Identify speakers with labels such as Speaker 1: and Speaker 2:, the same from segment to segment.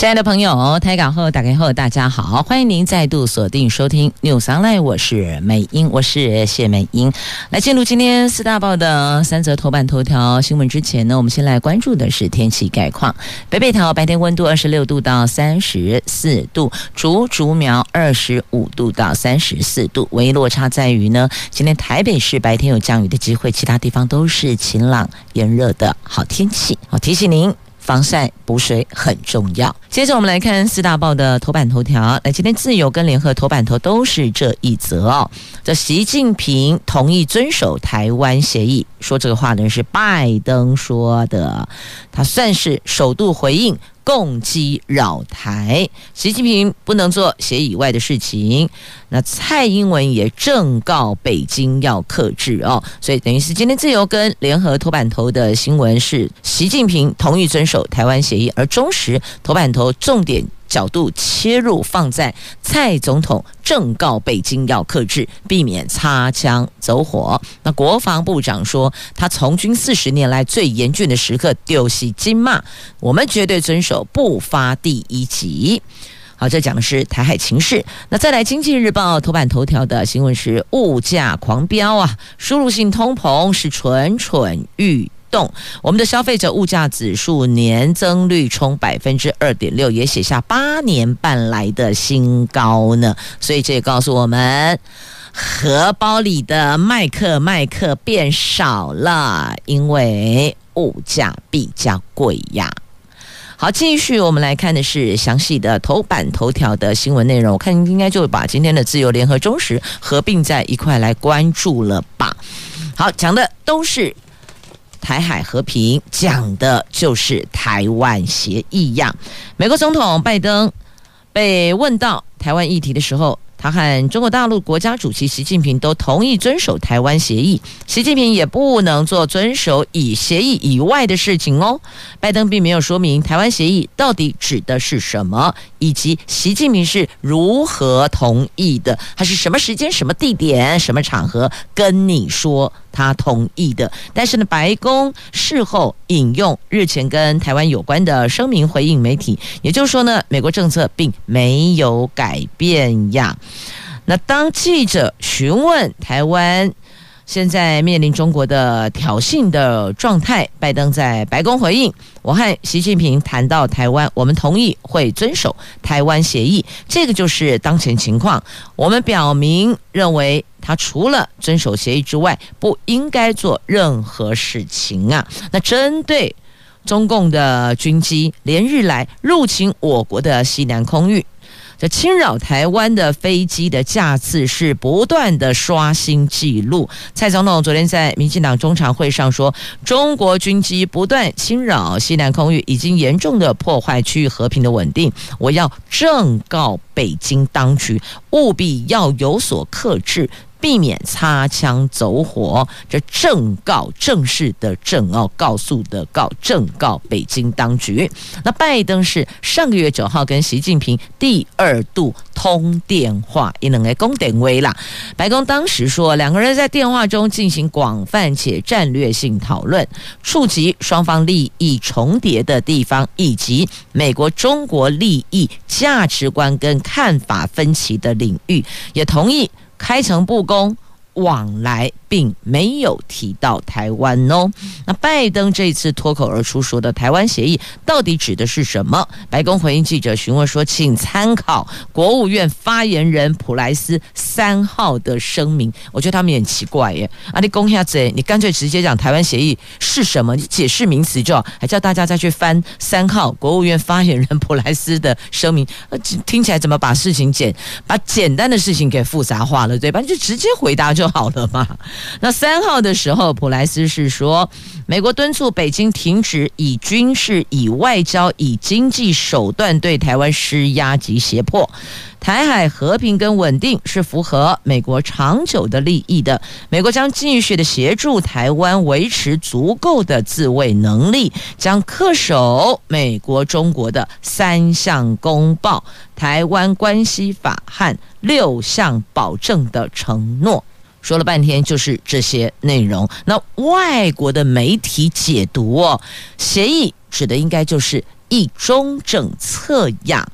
Speaker 1: 親愛的朋友，台港後打開後，大家好，歡迎您再度鎖定收聽 News Online，我是美英，我是謝美英。來進入今天四大報的三則頭版頭條新聞之前呢，我們先來關注的是天氣概況。北北桃白天溫度二十六度到三十四度，竹竹苗二十五度到三十四度，唯一落差在於呢，今天台北市白天有降雨的機會，其他地方都是晴朗炎熱的好天氣。好，提醒您。防曬補水很重要。接着我們來看四大報的頭版頭條。那，今天《自由》跟《聯合》頭版頭都是這一則哦。這習近平同意遵守台灣協議，說這個話的人是拜登說的，他算是首度回應。動機擾台，習近平不能做協議以外的事情。那蔡英文也正告北京要克制哦，所以等於是今天自由跟聯合頭版頭的新聞是習近平同意遵守台灣協議，而中時頭版頭重點。角度切入，放在蔡總統正告北京要克制，避免擦槍走火。那國防部長說，他從軍四十年來最嚴峻的時刻丟棄金馬，我們絕對遵守不發第一擊。好，這講的是台海情勢。那再來，《經濟日報》頭版頭條的新聞是物價狂飆啊，輸入性通膨是蠢蠢欲。動我們的消費者物價指數年增率衝百分之二點六，也寫下八年半來的新高呢。所以這也告訴我們，荷包裡的麥克麥克變少了，因為物價比較貴呀。好，繼續我們來看的是詳細的頭版頭條的新聞內容。我看應該就把今天的自由、聯合、中時合併在一塊來關注了吧。好，講的都是。台海和平講的就是台灣協議呀。美國總統拜登被問到台灣議題的時候，他和中國大陸國家主席習近平都同意遵守台灣協議。習近平也不能做遵守以協議以外的事情哦。拜登並沒有說明台灣協議到底指的是什麼，以及習近平是如何同意的，還是什麼時間、什麼地點、什麼場合跟你說？他同意的，但是呢，白宮事後引用日前跟台灣有關的聲明回應媒體，也就是說呢，美國政策並沒有改變呀。那當記者詢問台灣。現在面臨中國的挑釁的狀態，拜登在白宮回應，我和習近平談到台灣，我們同意會遵守台灣協議，這個就是當前情況。我們表明認為，他除了遵守協議之外，不應該做任何事情啊。那針對中共的軍機，連日來入侵我國的西南空域。這侵擾台灣的飛機的架次是不斷的刷新紀錄。蔡總統昨天在民進黨中常會上說：“中國軍機不斷侵擾西南空域，已經嚴重的破壞區域和平的穩定。我要正告北京當局，務必要有所克制。”避免擦槍走火，這正告正式的正告，哦、告訴的告，正告北京當局。那拜登是上個月九號跟習近平第二度通電話，他兩個講電話啦。白宮當時說，兩個人在電話中進行廣泛且戰略性討論，觸及雙方利益重疊的地方，以及美國中國利益、價值觀跟看法分歧的領域，也同意。開誠布公。往來並沒有提到台灣哦。那拜登這一次脫口而出說的“台灣協議”到底指的是什麼？白宮回應記者詢問說：“請參考國務院發言人普萊斯三號的聲明。”我覺得他們也很奇怪耶！啊、你里工下子，你乾脆直接講“台灣協議”是什麼？你解釋名詞就好，還叫大家再去翻三號國務院發言人普萊斯的聲明。啊、聽、聽起來怎麼把事情簡把簡單的事情給複雜化了，對吧？你就直接回答就。好了嗎？那三號的時候，普萊斯是說，美國敦促北京停止以軍事、以外交、以經濟手段對台灣施壓及脅迫。台海和平跟穩定是符合美國長久的利益的。美國將繼續的協助台灣維持足夠的自衛能力，將恪守美國、中國的三項公報、台灣關係法和六項保證的承諾。說了半天就是這些內容。那外國的媒體解讀，哦，協議指的應該就是“一中”政策呀。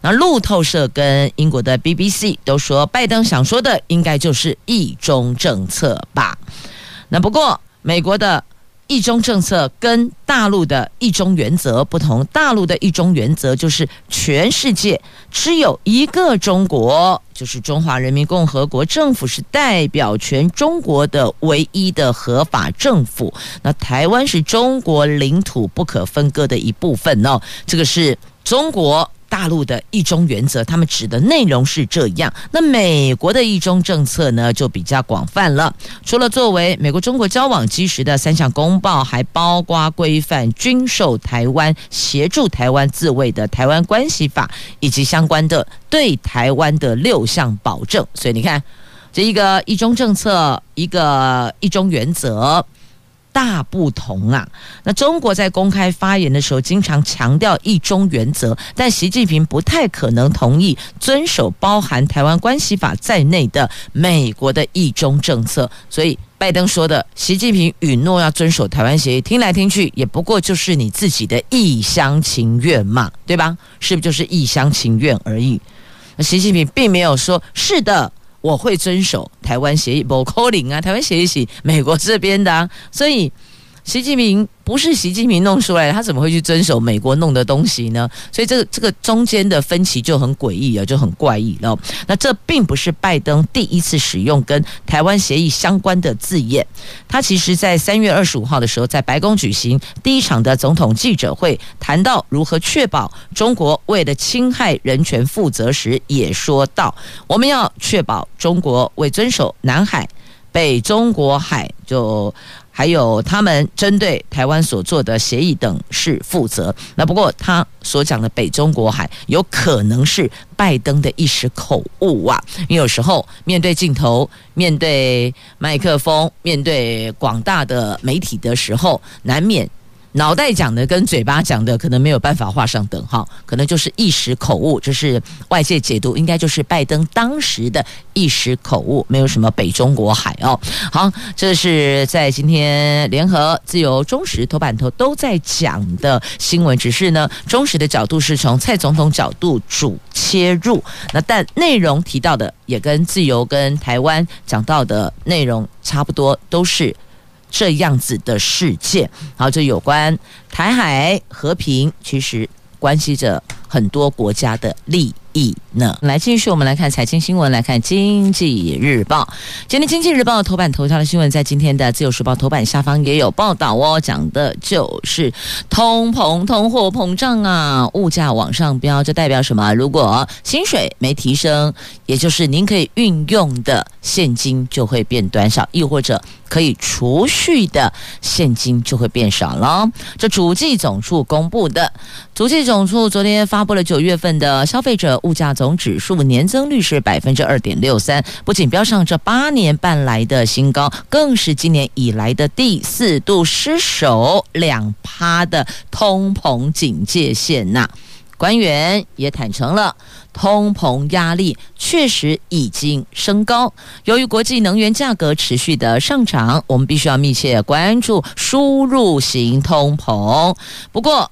Speaker 1: 那路透社跟英國的 BBC 都說，拜登想說的應該就是“一中”政策吧。那不過，美國的“一中”政策跟大陸的“一中”原則不同。大陸的“一中”原則就是全世界只有一個中國。就是中華人民共和國政府是代表全中國的唯一的合法政府，那台灣是中國領土不可分割的一部分哦，這個是。中國大陸的一中原則，他們指的內容是這樣。那美國的一中政策呢，就比較廣泛了。除了作為美國中國交往基石的三項公報，還包括規範軍售台灣、協助台灣自衛的《台灣關係法》以及相關的對台灣的六項保證。所以你看，這一個一中政策，一個一中原則。大不同啊！那中國在公開發言的時候，經常強調一中原則，但習近平不太可能同意遵守包含台灣關係法在內的美國的一中政策。所以，拜登說的習近平允諾要遵守台灣協議，聽來聽去也不過就是你自己的一廂情願嘛，對吧？是不是就是一廂情願而已？那習近平並沒有說“是的”。我會遵守台灣協議，不扣零啊！台灣協議是美國這邊的啊，所以。習近平不是習近平弄出來的，他怎麼會去遵守美國弄的東西呢？所以這個這個中間的分歧，就很詭異啊，就很怪異了。那這並不是拜登第一次使用跟台灣協議相關的字眼，他其實在三月二十五號的時候，在白宮舉行第一場的總統記者會，談到如何確保中國為了侵害人權負責時，也說到我們要確保中國為遵守南海。北中國海，就還有他們針對台灣所做的協議等是負責。那不過他所講的北中國海有可能是拜登的一時口誤啊，因為有時候面對鏡頭、面對麥克風、面對廣大的媒體的時候，難免。腦袋講的跟嘴巴講的可能沒有辦法畫上等號，可能就是一時口誤，這、就是外界解讀，應該就是拜登當時的一時口誤，沒有什麼北中國海哦。好，這是在今天聯合、自由、中時頭版頭都在講的新聞，只是呢，中時的角度是從蔡總統角度主切入，那但內容提到的也跟自由跟台灣講到的內容差不多，都是。這樣子的世界，好，這有關台海和平，其實關係着很多國家的利益。那來繼續，我們來看財經新聞，來看《經濟日報》。今天《經濟日報》頭版頭條的新聞，在今天的《自由時報》頭版下方也有報道哦，講的就是通膨、通貨膨脹啊，物價往上飆，這代表什麼？如果薪水沒提升，也就是您可以運用的現金就會變短少，亦或者可以儲蓄的現金就會變少了。這主計總處公布的主計總處昨天發布了九月份的消費者物價總。指數年增率是百分之二點六三，不僅飆上這八年半來的新高，更是今年以來的第四度失守兩趴的通膨警戒線吶、啊。官員也坦承了，通膨壓力確實已經升高。由於國際能源價格持續的上漲，我們必須要密切關注輸入型通膨。不過，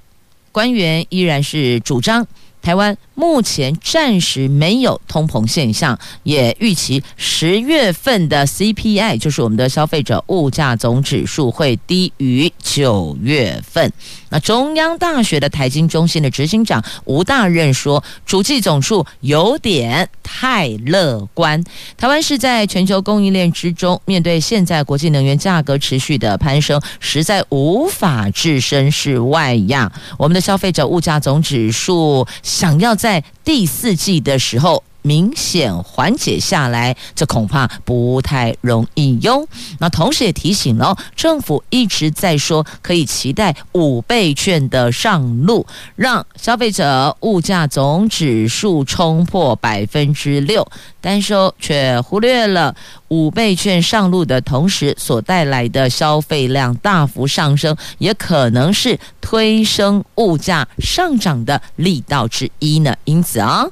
Speaker 1: 官員依然是主張台灣。目前暫時沒有通膨現象，也預期十月份的 CPI，就是我們的消費者物價總指數，會低於九月份。那中央大學的台經中心的執行長吳大任說，主計總處有點太樂觀。台灣是在全球供應鏈之中，面對現在國際能源價格持續的攀升，實在無法置身事外呀。我們的消費者物價總指數想要在在第四季的時候，明顯緩解下來，這恐怕不太容易喲。那同時也提醒了，政府一直在說可以期待五倍券的上路，讓消費者物價總指數衝破百分之六，但是卻忽略了五倍券上路的同時所帶來的消費量大幅上升，也可能是推升物價上漲的力道之一呢。因此啊。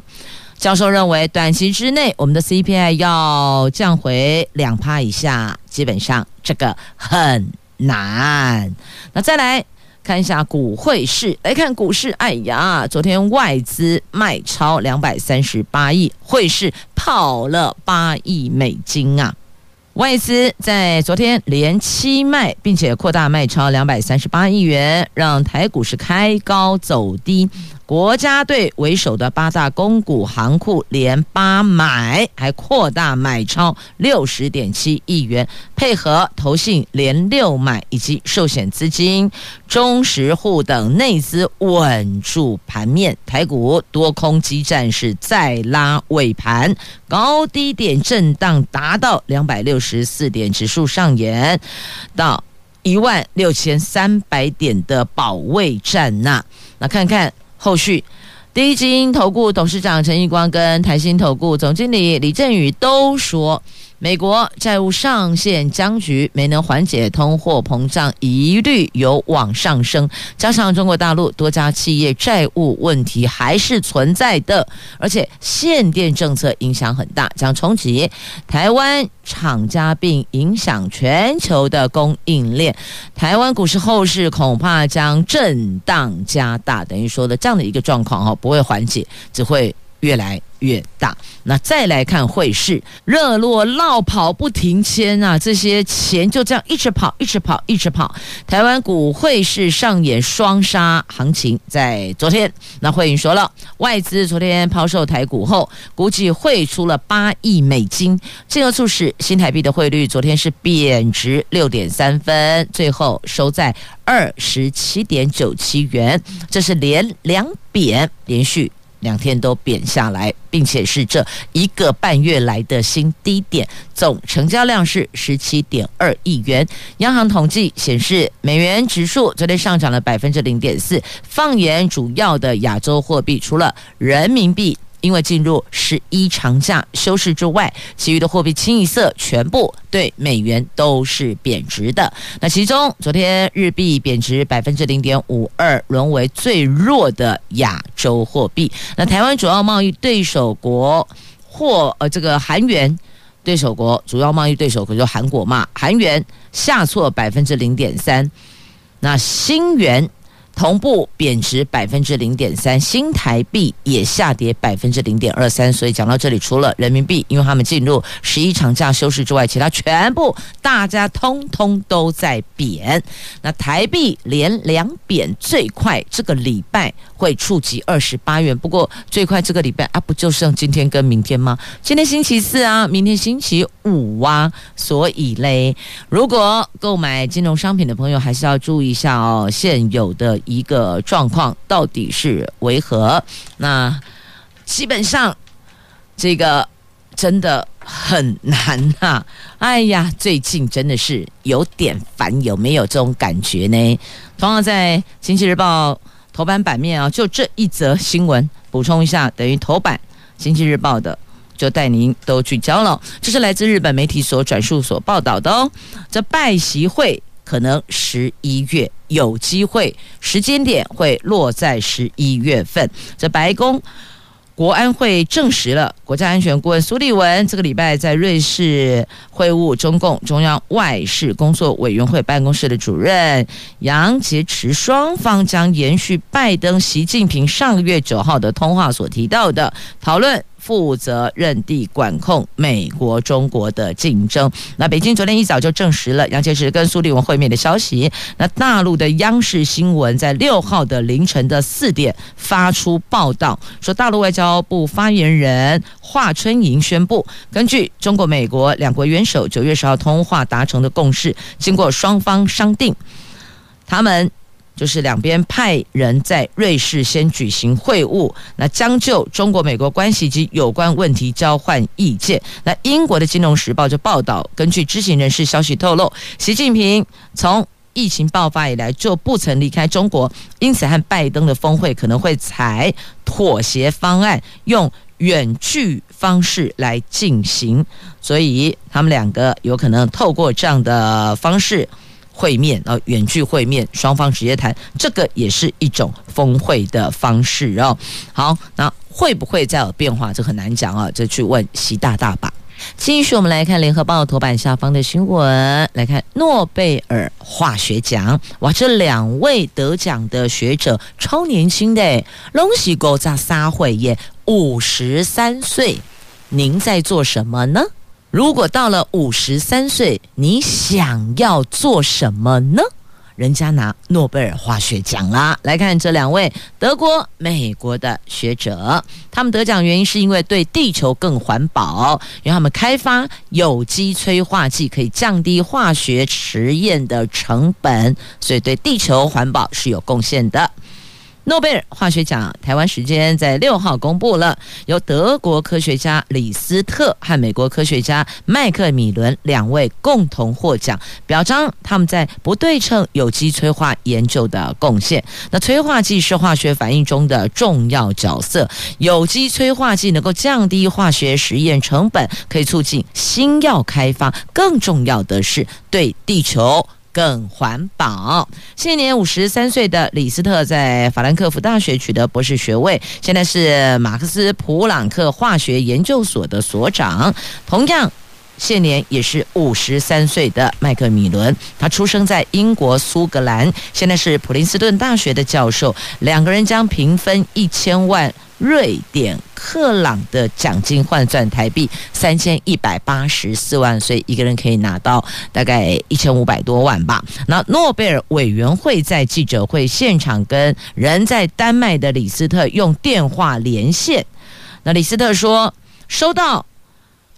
Speaker 1: 教授認為，短期之內，我們的 CPI 要降回兩趴以下，基本上這個很難。那再來看一下股匯市，來看股市。哎呀，昨天外資賣超兩百三十八億，匯市跑了八億美金啊！外資在昨天連七賣，並且擴大賣超兩百三十八億元，讓台股市開高走低。國家隊為首的八大公股行庫連八買，還擴大買超六十點七億元，配合投信連六買以及壽險資金、中實戶等內資穩住盤面，台股多空激戰是再拉尾盤，高低點震盪達到兩百六十四點，指數上演到一萬六千三百點的保衛戰，吶，那看看。後續，第一基金投顧董事長陳義光跟台新投顧總經理李振宇都說。美國債務上限僵局沒能緩解，通貨膨脹疑慮有往上升。加上中國大陸多家企業債務問題還是存在的，而且限電政策影響很大，將衝擊台灣廠家，並影響全球的供應鏈。台灣股市後市恐怕將震盪加大，等於說的這樣的一個狀況哈，不會緩解，只會越來。越大，那再來看匯市，熱絡落跑不停歇啊這些錢就這樣一直跑，一直跑，一直跑。台灣股匯市上演雙殺行情，在昨天，那匯銀說了，外資昨天拋售台股後，估計匯出了八億美金，進而促使新台幣的匯率昨天是貶值六點三分，最後收在二十七點九七元，這是連兩貶，連續。兩天都貶下來，並且是這一個半月來的新低點，總成交量是十七點二億元。央行統計顯示，美元指數昨天上漲了百分之零點四。放眼主要的亞洲貨幣，除了人民幣。因為進入十一長假休市之外，其餘的貨幣清一色全部對美元都是貶值的。那其中，昨天日幣貶值百分之零點五二，淪為最弱的亞洲貨幣。那台灣主要貿易對手國或，呃，這個韓元對手國，主要貿易對手可就韓國嘛，韓元下挫百分之零點三。那新元。同步貶值百分之零點三，新台幣也下跌百分之零點二三。所以講到這裡，除了人民幣，因為他們進入十一長假休市之外，其他全部大家通通都在貶。那台幣連兩貶，最快這個禮拜會觸及二十八元。不過最快這個禮拜啊，不就剩今天跟明天嗎？今天星期四啊，明天星期五啊。所以嘞，如果購買金融商品的朋友，還是要注意一下哦。現有的。一個狀況到底是為何？那基本上這個真的很難啊！哎呀，最近真的是有點煩，有沒有這種感覺呢？同樣在《經濟日報》頭版版面啊，就這一則新聞補充一下，等於頭版《經濟日報》的就帶您都聚焦了，這是來自日本媒體所轉述所報道的哦。這拜習會，可能十一月有機會，時間點會落在十一月份。這白宮國安會證實了國家安全顧問蘇利文這個禮拜在瑞士會晤中共中央外事工作委員會辦公室的主任楊潔篪，雙方將延續拜登、習近平上個月九號的通話所提到的討論。負責任地管控美國中國的競爭。那北京昨天一早就證實了楊潔篪跟蘇利文會面的消息。那大陸的央視新聞在六號的凌晨的四點發出報道，說大陸外交部發言人華春瑩宣布，根據中國美國兩國元首九月十號通話達成的共識，經過雙方商定，他們。就是兩邊派人在瑞士先舉行會晤，那將就中國美國關係及有關問題交換意見。那英國的《金融時報》就報道，根據知情人士消息透露，習近平從疫情爆發以來就不曾離開中國，因此和拜登的峰會可能會採妥協方案，用遠距方式來進行。所以他們兩個有可能透過這樣的方式。會面，啊，遠距會面，雙方直接談，這個也是一種峰會的方式哦。好，那會不會再有變化？這很難講啊，這去問習大大吧。繼續，我們來看聯合報頭版下方的新聞，來看諾貝爾化學獎。哇，這兩位得獎的學者超年輕的誒，龍西格在沙會也五十三歲，您在做什麼呢？如果到了五十三歲，你想要做什麼呢？人家拿諾貝爾化學獎啦，啊！來看這兩位德國、美國的學者，他們得獎的原因是因為對地球更環保，因為他們開發有機催化劑，可以降低化學實驗的成本，所以對地球環保是有貢獻的。諾貝爾化學獎，台灣時間在六號公布了，由德國科學家李斯特和美國科學家麥克米倫兩位共同獲獎，表彰他們在不對稱有機催化研究的貢獻。那催化劑是化學反應中的重要角色，有機催化劑能夠降低化學實驗成本，可以促進新藥開發。更重要的是，對地球。更環保。現年五十三歲的李斯特在法蘭克福大學取得博士學位，現在是馬克斯·普朗克化學研究所的所長。同樣，現年也是五十三歲的麥克米倫，他出生在英國蘇格蘭，現在是普林斯頓大學的教授。兩個人將平分一千萬。瑞典克朗的獎金換算台幣三千一百八十四萬，所以一個人可以拿到大概一千五百多萬吧。那諾貝爾委員會在記者會現場跟人在丹麥的李斯特用電話連線。那李斯特說，收到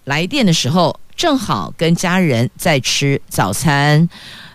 Speaker 1: 來電的時候，正好跟家人在吃早餐。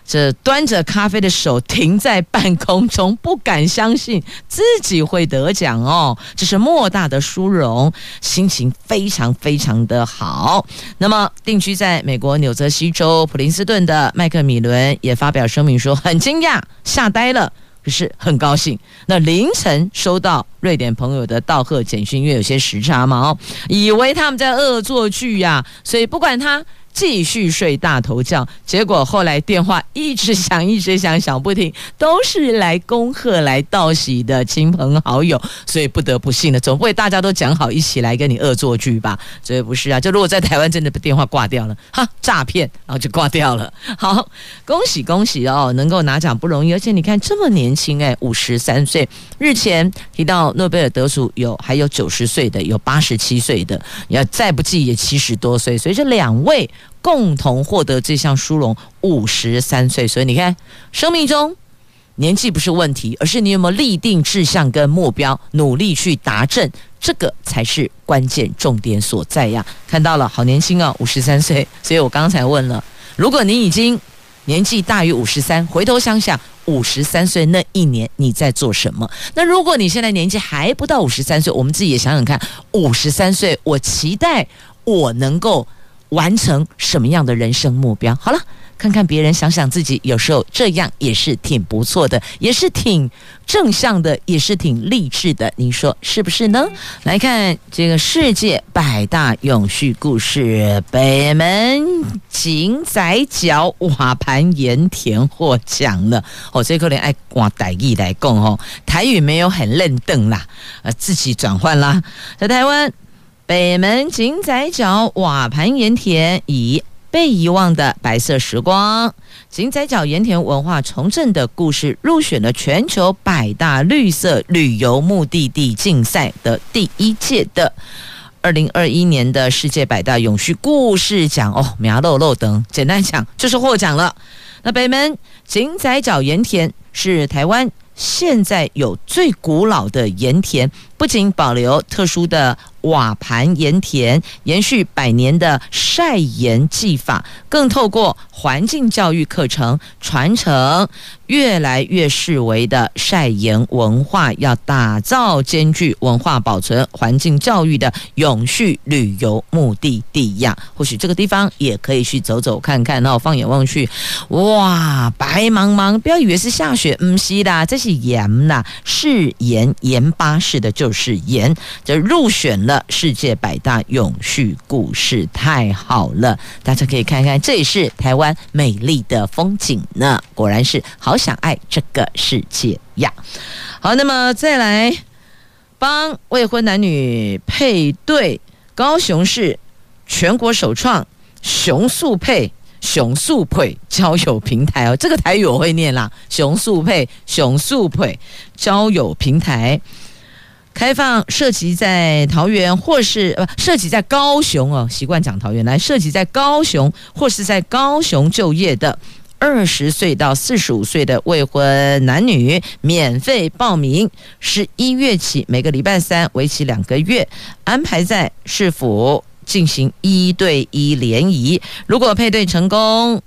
Speaker 1: 這端着咖啡的手停在半空中，不敢相信自己會得獎哦！這是莫大的殊榮，心情非常非常的好。那麼，定居在美國紐澤西州普林斯頓的麥克米倫也發表聲明說，很驚訝、嚇呆了，可是很高興。那凌晨收到瑞典朋友的道賀簡訊，因為有些時差嘛哦，以為他們在惡作劇呀、啊，所以不管他。繼續睡大頭覺，結果後來電話一直響，一直響，響不停，都是來恭賀、來道喜的親朋好友，所以不得不信了。總不會大家都講好一起來跟你惡作劇吧？所以不是啊，就如果在台灣真的把電話掛掉了，哈，詐騙，然後就掛掉了。好，恭喜恭喜哦，能夠拿獎不容易，而且你看這麼年輕，哎，五十三歲，日前提到諾貝爾得主有還有九十歲的，有八十七歲的，你要再不濟也七十多歲，所以這兩位。共同獲得這項殊榮，五十三歲。所以你看，生命中年紀不是問題，而是你有沒有立定志向跟目標，努力去達成，這個才是關鍵重點所在呀。看到了，好年輕哦，五十三歲。所以我剛才問了，如果你已經年紀大於五十三，回頭想想五十三歲那一年你在做什麼？那如果你現在年紀還不到五十三歲，我們自己也想想看，五十三歲，我期待我能夠。完成什麼樣的人生目標？好了，看看別人，想想自己，有時候這樣也是挺不錯的，也是挺正向的，也是挺勵志的。您說是不是呢？來看這個世界百大永續故事，北門井仔腳瓦盤鹽田獲獎了。哦，這可能愛換台語來供哦，台語沒有很認凳啦，呃，自己轉換啦，在台灣。北門井仔腳瓦盤鹽田，已被遺忘的白色時光，井仔腳鹽田文化重振的故事入選了全球百大綠色旅遊目的地競賽的第一屆的二零二一年的世界百大永續故事獎哦，苗露露等，簡單講就是獲獎了。那北門井仔腳鹽田是台灣現在有最古老的鹽田。不僅保留特殊的瓦盤鹽田，延續百年的曬鹽技法，更透過環境教育課程傳承越來越式微的曬鹽文化，要打造兼具文化保存、環境教育的永續旅遊目的地呀！或許這個地方也可以去走走看看。然後放眼望去，哇，白茫茫，不要以為是下雪，嗯，是啦，這是鹽吶，是鹽鹽巴式的就。是事言就入選了世界百大永續故事，太好了！大家可以看看，這裡是台灣美麗的風景呢。果然是好想愛這個世界呀！好，那麼再來幫未婚男女配對，高雄市全國首創熊速配熊速配交友平台哦，這個台語我會念啦，熊速配熊速配交友平台。開放設籍在桃園或是呃，設籍在高雄哦，習慣講桃園來，來設籍在高雄或是在高雄就業的二十歲到四十五歲的未婚男女免費報名，十一月起每個禮拜三為期兩個月，安排在市府進行一對一聯誼，如果配對成功，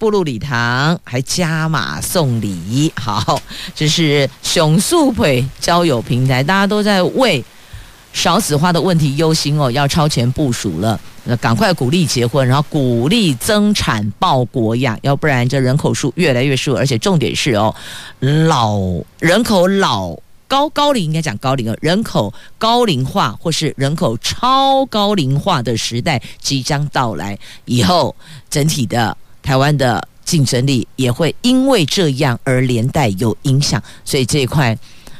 Speaker 1: 步入禮堂還加碼送禮，好，這是熊素培交友平台，大家都在為少子化的問題憂心哦，要超前部署了，那趕快鼓勵結婚，然後鼓勵增產報國呀，要不然這人口數越來越少。而且重點是哦，老人口老高高齡應該講高齡了，哦，人口高齡化或是人口超高齡化的時代即將到來，以後整體的。台灣的競爭力也會因為這樣而連帶有影響，所以這一塊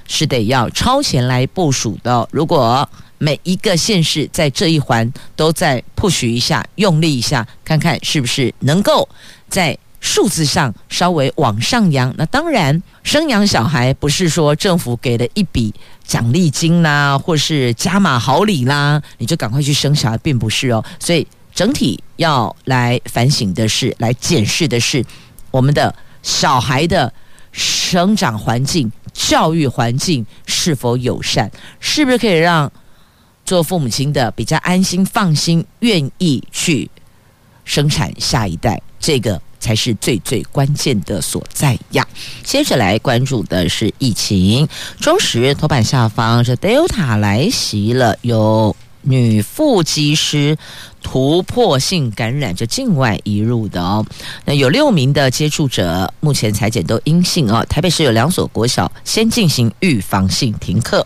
Speaker 1: 是得要超前來部署的哦。如果每一個縣市在這一環都在 push 一下，用力一下，看看是不是能夠在數字上稍微往上揚。那當然，生養小孩不是說政府給了一筆獎勵金啦，或是加碼好禮啦，你就趕快去生小孩，並不是哦。所以。整體要來反省的是，來檢視的是我們的小孩的生長環境、教育環境是否友善，是不是可以讓做父母親的比較安心、放心、願意去生產下一代？這個才是最最關鍵的所在呀。接着來關注的是疫情，中時頭版下方是 Delta 來襲了，有女副機師。突破性感染，着境外移入的哦，那有六名的接觸者，目前採檢都陰性哦。台北市有兩所國小先進行預防性停課。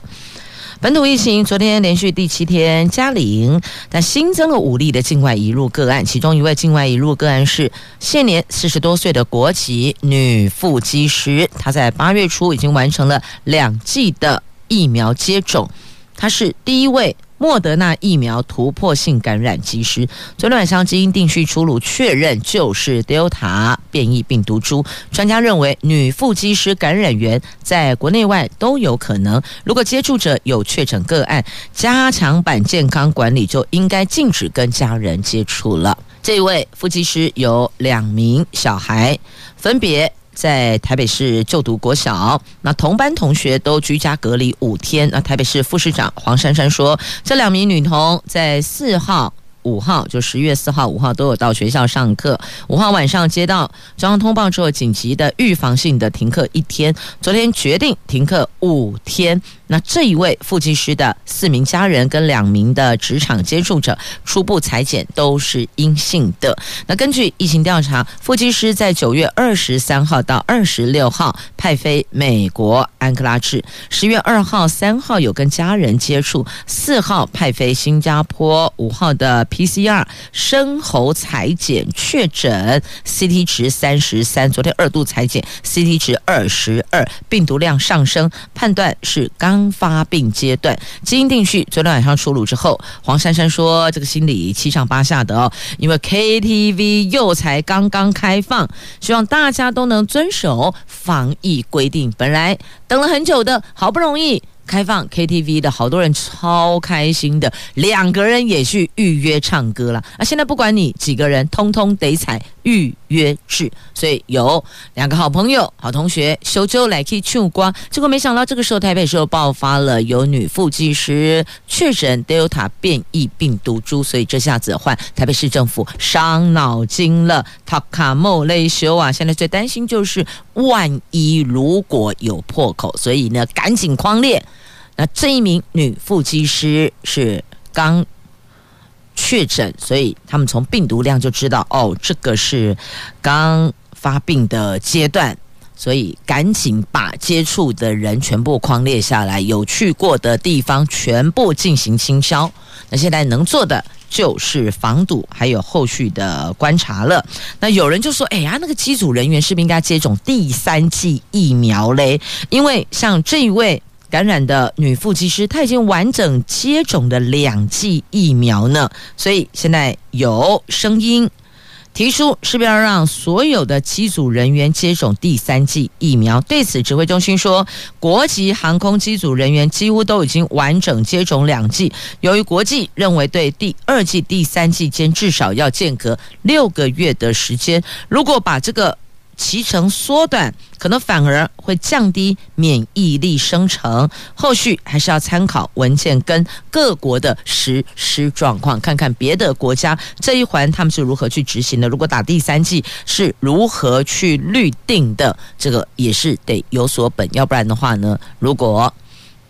Speaker 1: 本土疫情昨天連續第七天加零，但新增了五例的境外移入個案，其中一位境外移入個案是現年四十多歲的國籍女副機師，她在八月初已經完成了兩劑的疫苗接種，她是第一位，莫德納疫苗突破性感染機師，昨天晚上基因定序出爐，確認就是德爾塔變異病毒株。專家認為，女副機師感染源在國內外都有可能。如果接觸者有確診個案，加強版健康管理就應該禁止跟家人接觸了。這位副機師有兩名小孩，分別，在台北市就讀國小，那同班同學都居家隔離五天。那台北市副市長黃珊珊說，這兩名女童在四號。五號就十月四號五號都有到學校上課。五號晚上接到中央通報之後，緊急的預防性的停課一天。昨天決定停課五天。那這一位副機師的四名家人跟兩名的職場接觸者初步採檢都是陰性的。那根據疫情調查，副機師在九月二十三號到二十六號派飛美國安克拉治，十月二號、三號有跟家人接觸，四號派飛新加坡，五號的。PCR 生猴採檢確診，CT 值三十三。昨天二度採檢 CT 值二十二，病毒量上升，判斷是剛發病階段。基因定序昨天晚上出爐之後，黃珊珊說這個心裡七上八下的哦，因為 K T V 又才剛剛開放，希望大家都能遵守防疫規定。本來等了很久的，好不容易。開放 KTV 的好多人超開心的，兩個人也去預約唱歌了。啊，現在不管你幾個人，通通得採預約制。所以有兩個好朋友、好同學，修州來去唱歌，結果沒想到這個時候台北市又爆發了有女副機師確診 Delta 變異病毒株，所以這下子換台北市政府傷腦筋了。頭殼摸咧燒啊，現在最擔心就是萬一如果有破口，所以呢，趕緊匡列。那這一名女副機師是剛確診，所以他們從病毒量就知道，哦，這個是剛發病的階段，所以趕緊把接觸的人全部框列下來，有去過的地方全部進行清消。那現在能做的就是防堵，還有後續的觀察了。那有人就說，哎呀，那個機組人員是不是應該接種第三劑疫苗嘞？因為像這一位。感染的女副機師，她已經完整接種了兩劑疫苗呢。所以現在有聲音提出，是不是要讓所有的機組人員接種第三劑疫苗？對此，指揮中心說，國際航空機組人員幾乎都已經完整接種兩劑。由於國際認為，對第二劑、第三劑間至少要間隔六個月的時間，如果把這個。其成縮短，可能反而會降低免疫力生成。後續還是要參考文件跟各國的實施狀況，看看別的國家這一環他們是如何去執行的。如果打第三劑是如何去預定的，這個也是得有所本，要不然的話呢，如果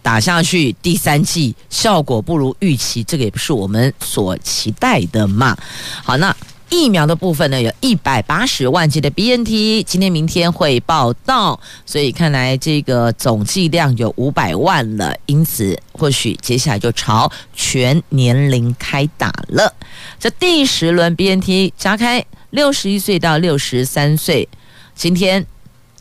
Speaker 1: 打下去第三劑效果不如預期，這個也不是我們所期待的嘛。好，那。疫苗的部分呢，有一百八十萬劑的 BNT，今天明天會報到，所以看來這個總劑量有五百萬了，因此或許接下來就朝全年齡開打了。這第十輪 BNT 加開六十一歲到六十三歲，今天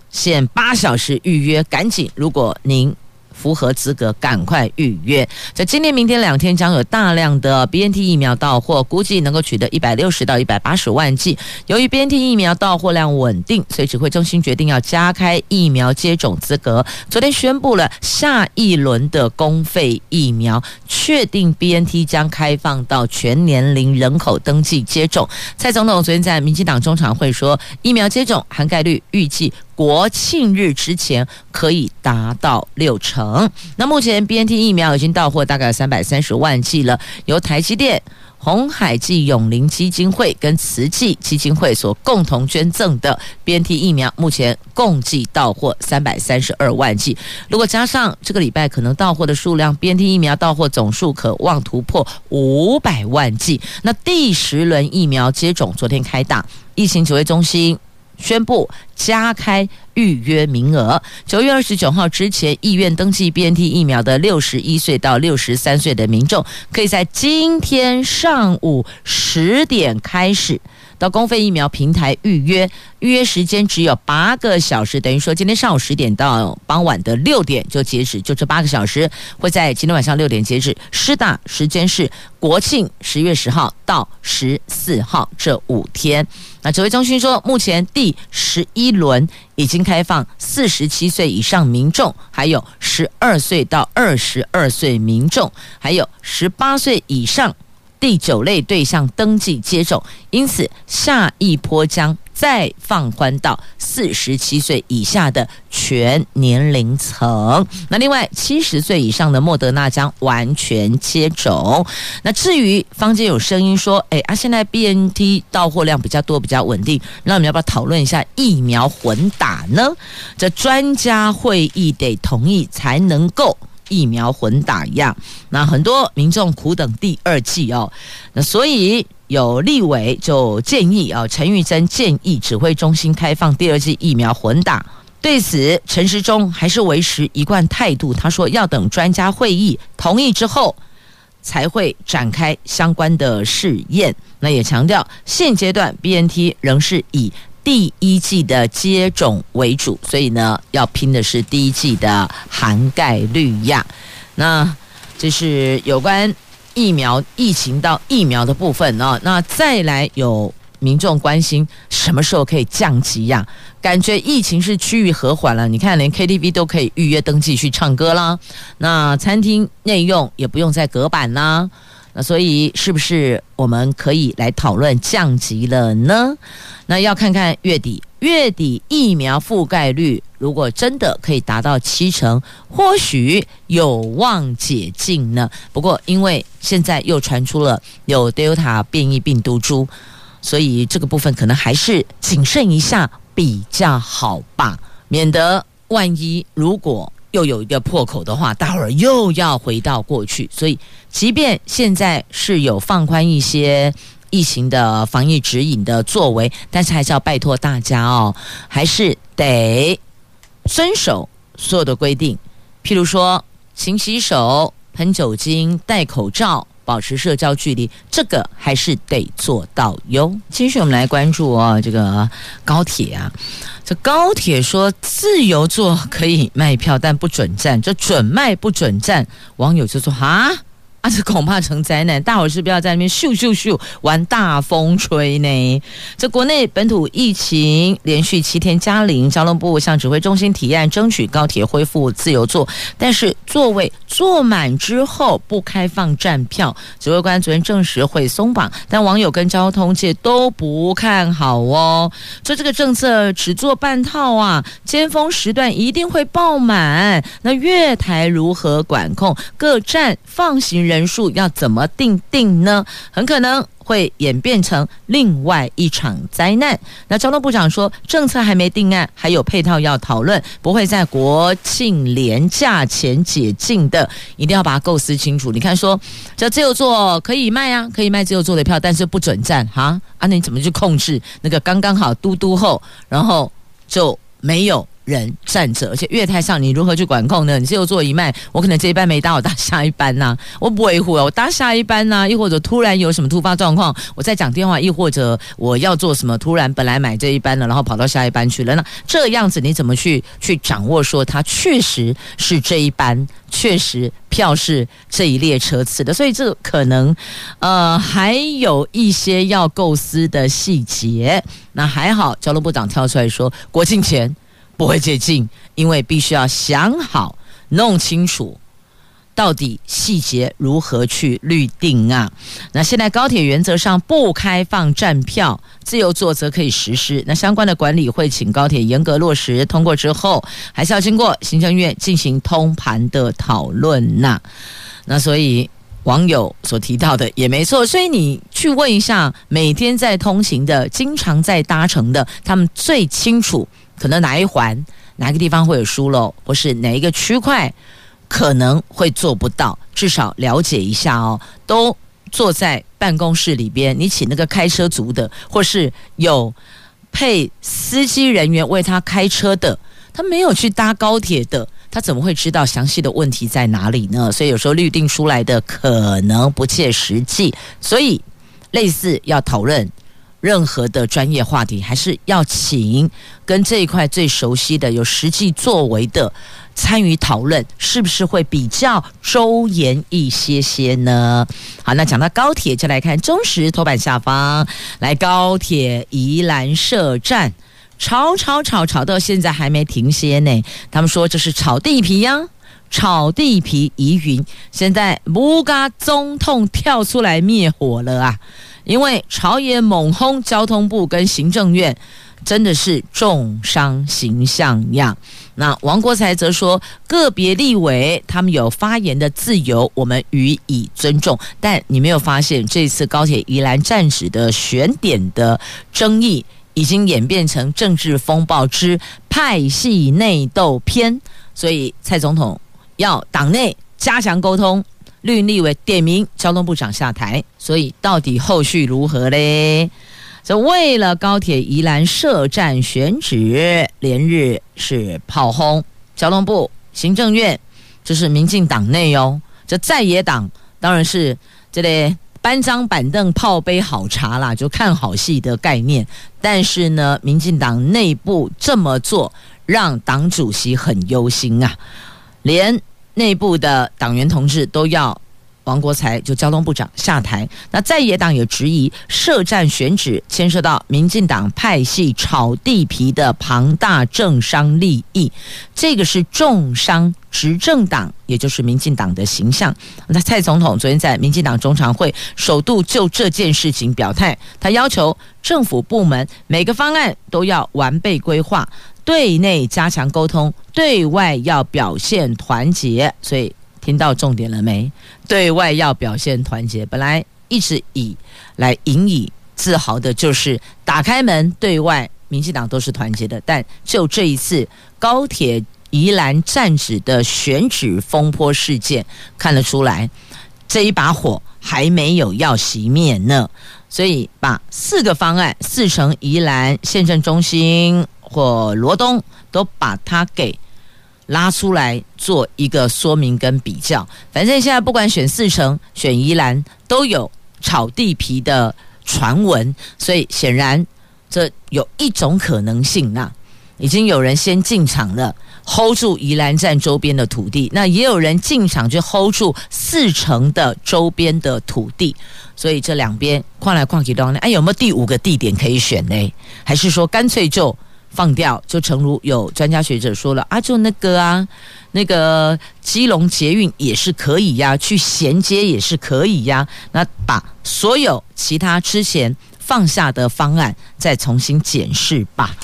Speaker 1: 限八小時預約，趕緊！如果您符合資格，趕快預約。在今天、明天兩天，將有大量的 BNT 疫苗到貨，估計能夠取得一百六十到一百八十萬劑。由於 BNT 疫苗到貨量穩定，所以指揮中心決定要加開疫苗接種資格。昨天宣布了下一輪的公費疫苗，確定 BNT 將開放到全年齡人口登記接種。蔡總統昨天在民進黨中常會說，疫苗接種涵蓋率預計。國慶日之前可以達到六成。那目前 BNT 疫苗已經到貨，大概三百三十萬劑了。由台積電、鴻海及永齡基金會跟慈濟基金會所共同捐贈的 BNT 疫苗，目前共計到貨三百三十二萬劑。如果加上這個禮拜可能到貨的數量，BNT 疫苗到貨總數可望突破五百萬劑。那第十輪疫苗接種昨天開打，疫情指揮中心。宣布加開預約名額。九月二十九號之前，意願登記 BNT 疫苗的六十一歲到六十三歲的民眾，可以在今天上午十點開始。到公費疫苗平台預約，預約時間只有八個小時，等於說今天上午十點到傍晚的六點就截止，就這八個小時會在今天晚上六點截止。施打時間是國慶十月十號到十四號這五天。那指揮中心說，目前第十一輪已經開放四十七歲以上民眾，還有十二歲到二十二歲民眾，還有十八歲以上。第九類對象登記接種，因此下一波將再放寬到四十七歲以下的全年齡層。那另外七十歲以上的莫德納將完全接種。那至於坊間有聲音說，哎、欸、啊，現在 BNT 到貨量比較多，比較穩定，那我們要不要討論一下疫苗混打呢？這專家會議得同意才能夠。疫苗混打一樣，那很多民眾苦等第二劑。哦，那所以有立委就建議啊，陳玉珍建議指揮中心開放第二劑疫苗混打。對此，陳時中還是維持一貫態度，他說要等專家會議同意之後才會展開相關的試驗。那也強調現階段 BNT 仍是以。第一季的接種為主，所以呢，要拼的是第一季的涵蓋率呀。那這、就是有關疫苗疫情到疫苗的部分哦。那再來有民眾關心，什麼時候可以降級呀？感覺疫情是趨於和緩了。你看，連 KTV 都可以預約登記去唱歌啦。那餐廳內用也不用再隔板啦、啊。那所以，是不是我們可以來討論降級了呢？那要看看月底，月底疫苗覆蓋率如果真的可以達到七成，或許有望解禁呢。不過，因為現在又傳出了有 Delta 變異病毒株，所以這個部分可能還是謹慎一下比較好吧，免得萬一如果。又有一個破口的話，待會兒又要回到過去。所以，即便現在是有放寬一些疫情的防疫指引的作為，但是還是要拜托大家哦，還是得遵守所有的規定。譬如說，勤洗手、噴酒精、戴口罩。保持社交距離，這個還是得做到喲。繼續，我們來關注啊、哦，這個高鐵啊，這高鐵說自由座可以賣票，但不准站。這准賣不准站，網友就說啊。啊，這恐怕成災難！大夥是不要在那邊咻咻咻玩大風吹呢。這國內本土疫情連續七天加零，交通部向指揮中心提案爭取高鐵恢復自由座，但是座位坐滿之後不開放站票。指揮官昨天證實會鬆綁，但網友跟交通界都不看好哦。說這個政策只做半套啊，尖峰時段一定會爆滿。那月台如何管控？各站放行人？人數要怎麼定定呢？很可能會演變成另外一場災難。那交通部長說，政策還沒定案，還有配套要討論，不會在國慶連假前解禁的，一定要把它構思清楚。你看說，說這自由座可以賣啊，可以賣自由座的票，但是不准站啊啊！那、啊、你怎麼去控制那個剛剛好嘟嘟後，然後就沒有？人站着，而且月台上你如何去管控呢？你只有做一脈。我可能這一班沒搭，我搭下一班吶、啊。我不維護，我搭下一班吶、啊。又或者突然有什麼突發狀況，我在講電話，又或者我要做什麼，突然本來買這一班了，然後跑到下一班去了。那這樣子你怎麼去去掌握說他確實是這一班，確實票是這一列車次的？所以這可能呃還有一些要構思的細節。那還好，交通部長跳出來說國慶前。不會解禁，因為必須要想好、弄清楚到底細節如何去律定啊。那現在高鐵原則上不開放站票，自由座則可以實施。那相關的管理會請高鐵嚴格落實，通過之後還是要經過行政院進行通盤的討論啊。那那所以網友所提到的也沒錯，所以你去問一下每天在通行的、經常在搭乘的，他們最清楚。可能哪一環，哪個地方會有疏漏，或是哪一個區塊可能會做不到？至少了解一下哦。都坐在辦公室裡邊，你請那個開車族的，或是有配司機人員為他開車的，他沒有去搭高鐵的，他怎麼會知道詳細的問題在哪裡呢？所以有時候律定出來的可能不切實際，所以類似要討論。任何的專業話題，還是要請跟這一塊最熟悉的、有實際作為的參與討論，是不是會比較周延一些些呢？好，那講到高鐵，就來看中時頭版下方，來高鐵宜蘭設站，炒炒炒炒到現在還沒停歇呢。他們說這是炒地皮呀、啊，炒地皮疑雲，現在木嘎總統跳出來滅火了啊。因為朝野猛轟交通部跟行政院，真的是重傷形象呀。那王國材則說，個別立委他們有發言的自由，我們予以尊重。但你沒有發現，這次高鐵宜蘭站址的選點的爭議，已經演變成政治風暴之派系內鬥篇。所以蔡總統要黨內加強溝通。綠立委點名交通部長下台，所以到底後續如何嘞？這為了高鐵宜蘭設站選址，連日是炮轟交通部、行政院，這、就是民進黨內喲、哦。這在野黨當然是這裡搬張板凳泡杯好茶啦，就看好戲的概念。但是呢，民進黨內部這麼做，讓黨主席很憂心啊，連。內部的黨員同志都要，王國材，就交通部長下台。那在野黨也質疑設站選址牽涉到民進黨派系炒地皮的龐大政商利益，這個是重傷執政黨，也就是民進黨的形象。那蔡總統昨天在民進黨中常會首度就這件事情表態，他要求政府部門每個方案都要完備規劃。對內加強溝通，對外要表現團結。所以聽到重點了沒？對外要表現團結。本來一直以來引以自豪的就是打開門對外，民進黨都是團結的。但就這一次高鐵宜蘭站址的選址風波事件，看得出來這一把火還沒有要熄滅呢。所以把四個方案：四城宜蘭縣政中心。或羅東都把它給拉出來做一個說明跟比較。反正現在不管選四城、選宜蘭，都有炒地皮的傳聞，所以顯然這有一種可能性吶、啊。已經有人先進場了，hold 住宜蘭站周邊的土地，那也有人進場去 hold 住四城的周邊的土地。所以這兩邊晃來晃去，到底哎有沒有第五個地點可以選呢？還是說乾脆就？放掉，就誠如有專家學者說了啊，就那個啊，那個基隆捷運也是可以呀、啊，去銜接也是可以呀、啊，那把所有其他之前放下的方案再重新檢視吧，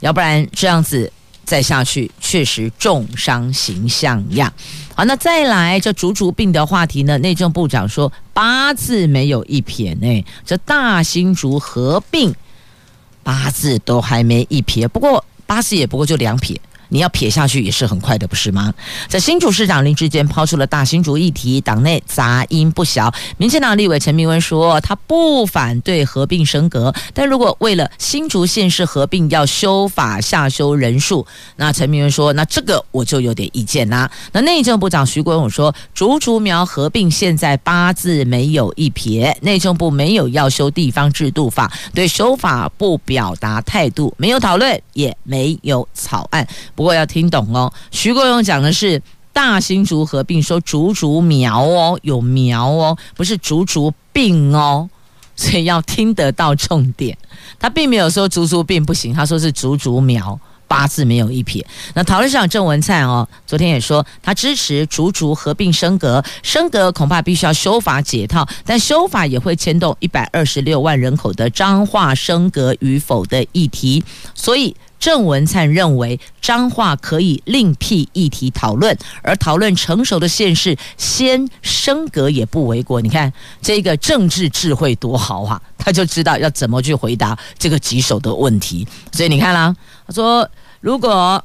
Speaker 1: 要不然這樣子再下去，確實重傷形象呀。好，那再來這竹竹併的話題呢，內政部長說八字沒有一撇呢、欸，這大新竹合併。八字都還沒一撇，不過八字也不過就兩撇。你要撇下去也是很快的，不是嗎？在新竹市長林志堅拋出了大新竹議題，黨內雜音不小。民進黨立委陳明文說，他不反對合併升格，但如果為了新竹縣市合併要修法下修人數，那陳明文說，那這個我就有點意見啦、啊。那內政部長徐國勇說，竹竹苗合併現在八字沒有一撇，內政部沒有要修地方制度法，對修法不表達態度，沒有討論，也沒有草案。不過要聽懂哦，徐國勇講的是大新竹合併，說竹竹苗哦，有苗哦，不是竹竹併哦，所以要聽得到重點。他並沒有說竹竹併不行，他說是竹竹苗，八字沒有一撇。那桃園市長鄭文燦哦，昨天也說他支持竹竹合併升格，升格恐怕必須要修法解套，但修法也會牽動一百二十六萬人口的彰化升格與否的議題，所以。鄭文燦認為，彰化可以另闢議題討論，而討論成熟的縣市先升格也不為過。你看這個政治智慧多好啊！他就知道要怎麼去回答這個棘手的問題。所以你看啦，他說，如果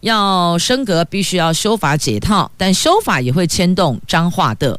Speaker 1: 要升格，必須要修法解套，但修法也會牽動彰化的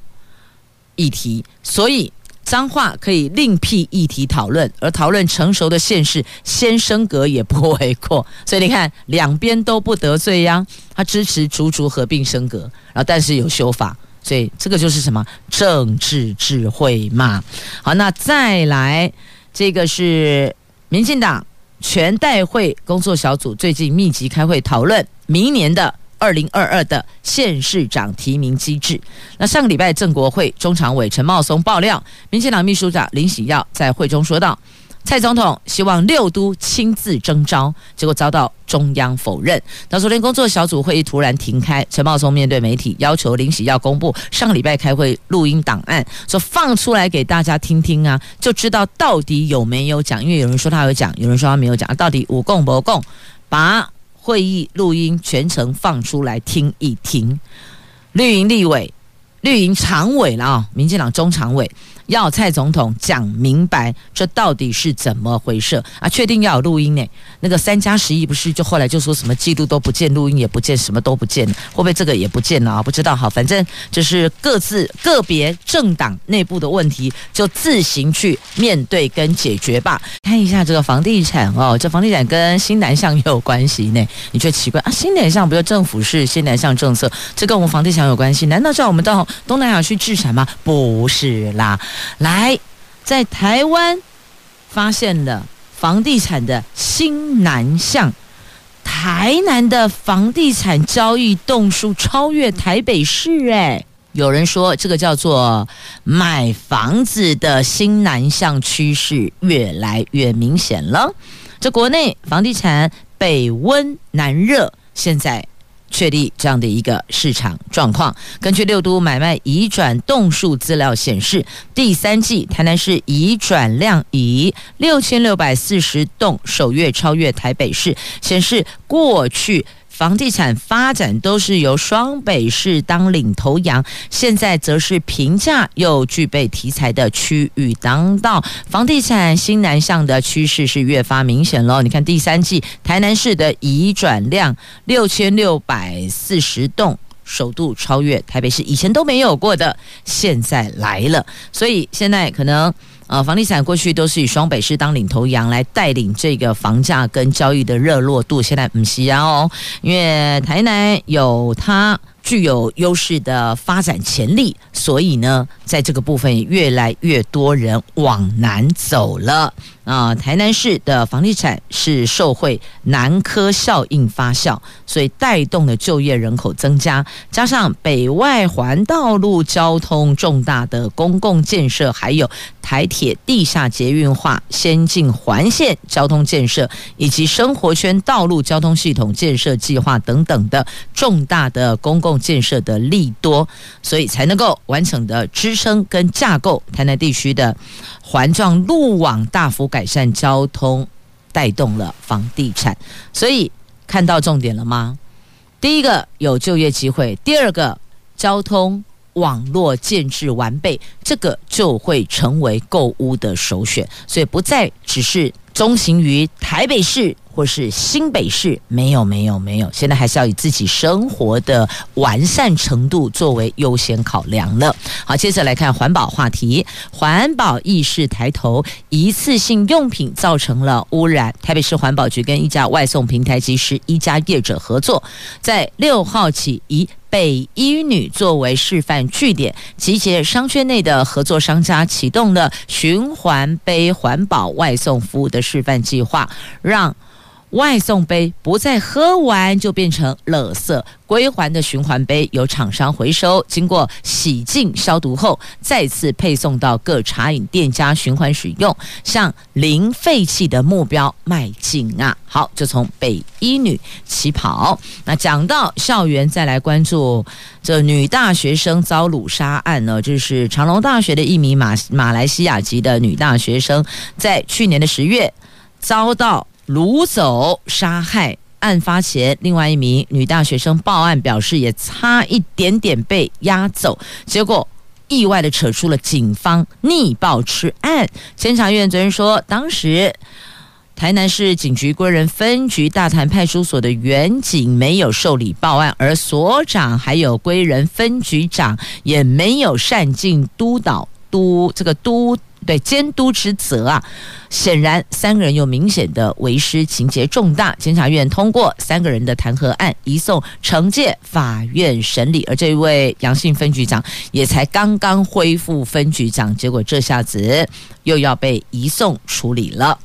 Speaker 1: 議題，所以。髒話可以另闢議題討論，而討論成熟的縣市先升格也不為過。所以你看，兩邊都不得罪呀。他支持竹竹合併升格，然後但是有修法，所以這個就是什麼政治智慧嘛。好，那再來，這個是民進黨全代會工作小組最近密集開會討論明年的。二零二二的縣市長提名機制，那上個禮拜，正國會中常委陳茂松爆料，民進黨秘書長林喜耀在會中說道，蔡總統希望六都親自徵召，結果遭到中央否認。那昨天工作小組會議突然停開，陳茂松面對媒體要求林喜耀公布上個禮拜開會錄音檔案，說放出來給大家聽聽啊，就知道到底有沒有講。因為有人說他有講，有人說他沒有講，到底有共博共把。會議錄音全程放出來聽一聽，綠營立委。綠營常委了啊、哦，民進黨中常委要蔡總統講明白這到底是怎麼回事啊？確定要有錄音呢？那個三加十一不是就後來就說什麼記錄都不見，錄音也不見，什麼都不見，會不會這個也不見了啊？不知道哈，反正就是各自個別政黨內部的問題，就自行去面對跟解決吧。看一下這個房地產哦，這房地產跟新南向也有關係呢？你覺得奇怪啊？新南向比如政府是新南向政策，這跟我們房地產有關係？難道叫我們到？東南亞去置產嗎？不是啦，來，在台灣發現了房地產的新南向，台南的房地產交易棟數超越台北市、欸，哎，有人說這個叫做買房子的新南向趨勢越來越明顯了。這國內房地產北溫南熱，現在。確立這樣的一個市場狀況。根據六都買賣移轉棟數資料顯示，第三季台南市移轉量以六千六百四十棟，首月超越台北市，顯示過去。房地產發展都是由雙北市當領頭羊，現在則是平價又具備題材的區域當道，房地產新南向的趨勢是越發明顯嘍。你看第三季台南市的移轉量六千六百四十棟，首度超越台北市，以前都沒有過的，現在來了，所以現在可能。啊，房地產過去都是以雙北市當領頭羊來帶領這個房價跟交易的熱絡度，現在不是、啊、哦，因為台南有它具有優勢的發展潛力，所以呢，在這個部分越來越多人往南走了。啊、呃，台南市的房地產是受惠南科效應發酵，所以帶動的就業人口增加，加上北外環道路交通重大的公共建設，還有台鐵地下捷運化、先進環線交通建設，以及生活圈道路交通系統建設計劃等等的重大的公共建設的利多，所以才能夠完整的支撐跟架構台南地區的環狀路網大幅，改善交通，帶動了房地產，所以看到重點了嗎？第一個有就業機會，第二個交通網絡建置完備，這個就會成為購屋的首選，所以不再只是鍾情於台北市。或是新北市沒有沒有沒有，現在還是要以自己生活的完善程度作為優先考量了。好，接着來看環保話題，環保意識抬頭，一次性用品造成了污染。台北市環保局跟一家外送平台及十一家業者合作，在六號起以北一女作為示範據點，集結商圈內的合作商家，啟動了循環杯環保外送服務的示範計劃，讓。外送杯不再喝完就變成垃圾，歸還的循環杯由廠商回收，經過洗淨消毒後，再次配送到各茶飲店家循環使用，向零廢棄的目標邁進啊！好，就從北一女起跑。那講到校園，再來關注這女大學生遭擄殺案呢，就是長隆大學的一名馬馬來西亞籍的女大學生，在去年的十月遭到，擄走殺害，案發前，另外一名女大學生報案表示，也差一點點被押走，結果意外的扯出了警方匿報，吃案。監察院昨天說，當時台南市警局歸仁分局大潭派出所的員警沒有受理報案，而所長還有歸仁分局長也沒有善盡督導督這個督。對監督之責啊，顯然三個人有明顯的違失情節重大。監察院通過三個人的彈劾案，移送懲戒法院審理。而這位楊姓分局長也才剛剛恢復分局長，結果這下子又要被移送處理了。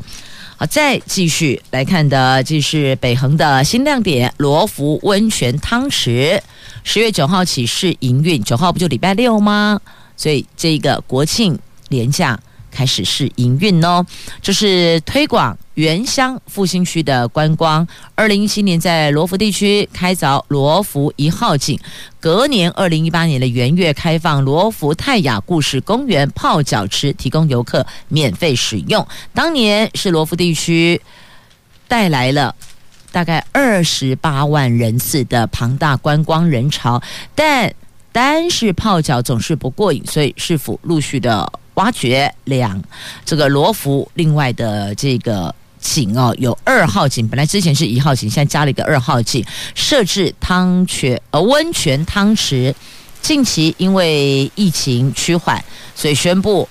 Speaker 1: 好，再繼續來看的，這是北橫的新亮點——羅浮溫泉湯池。十月九號起試營運，九號不就禮拜六嗎？所以這個國慶連假。開始試營運哦，這、就是推廣原鄉復興區的觀光。二零一七年在羅浮地區開鑿羅浮一號井，隔年二零一八年的元月開放羅浮泰雅故事公園泡腳池，提供遊客免費使用。當年是羅浮地區帶來了大概二十八萬人次的龐大觀光人潮，但單是泡腳總是不過癮，所以市府陸續的。挖掘兩這個羅浮，另外的這個井哦，有二號井，本來之前是一號井，現在加了一個二號井，設置湯泉呃、哦、溫泉湯池，近期因為疫情趨緩,所以宣布。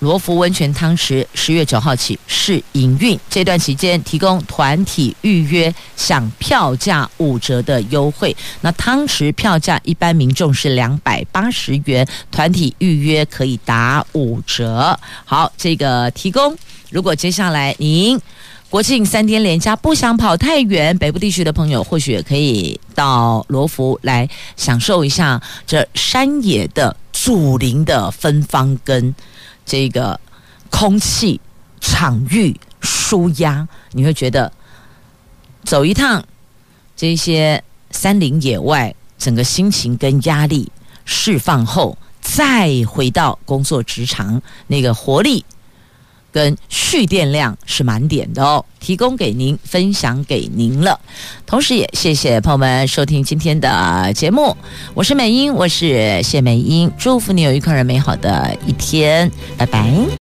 Speaker 1: 羅浮溫泉湯池十月九號起試營運，這段期間提供團體預約享票價五折的優惠。那湯池票價一般民眾是兩百八十元，團體預約可以打五折。好，這個提供。如果接下來您國慶三天連假不想跑太遠，北部地區的朋友或許也可以到羅浮來享受一下這山野的竹林的芬芳跟。這個空氣、場域、舒壓，你會覺得走一趟這些山林野外，整個心情跟壓力釋放後，再回到工作職場，那個活力。跟蓄電量是滿點的哦！提供給您，分享給您了，同時也謝謝朋友們收聽今天的節目，我是美英，我是謝美英，祝福你有一個人美好的一天，拜拜。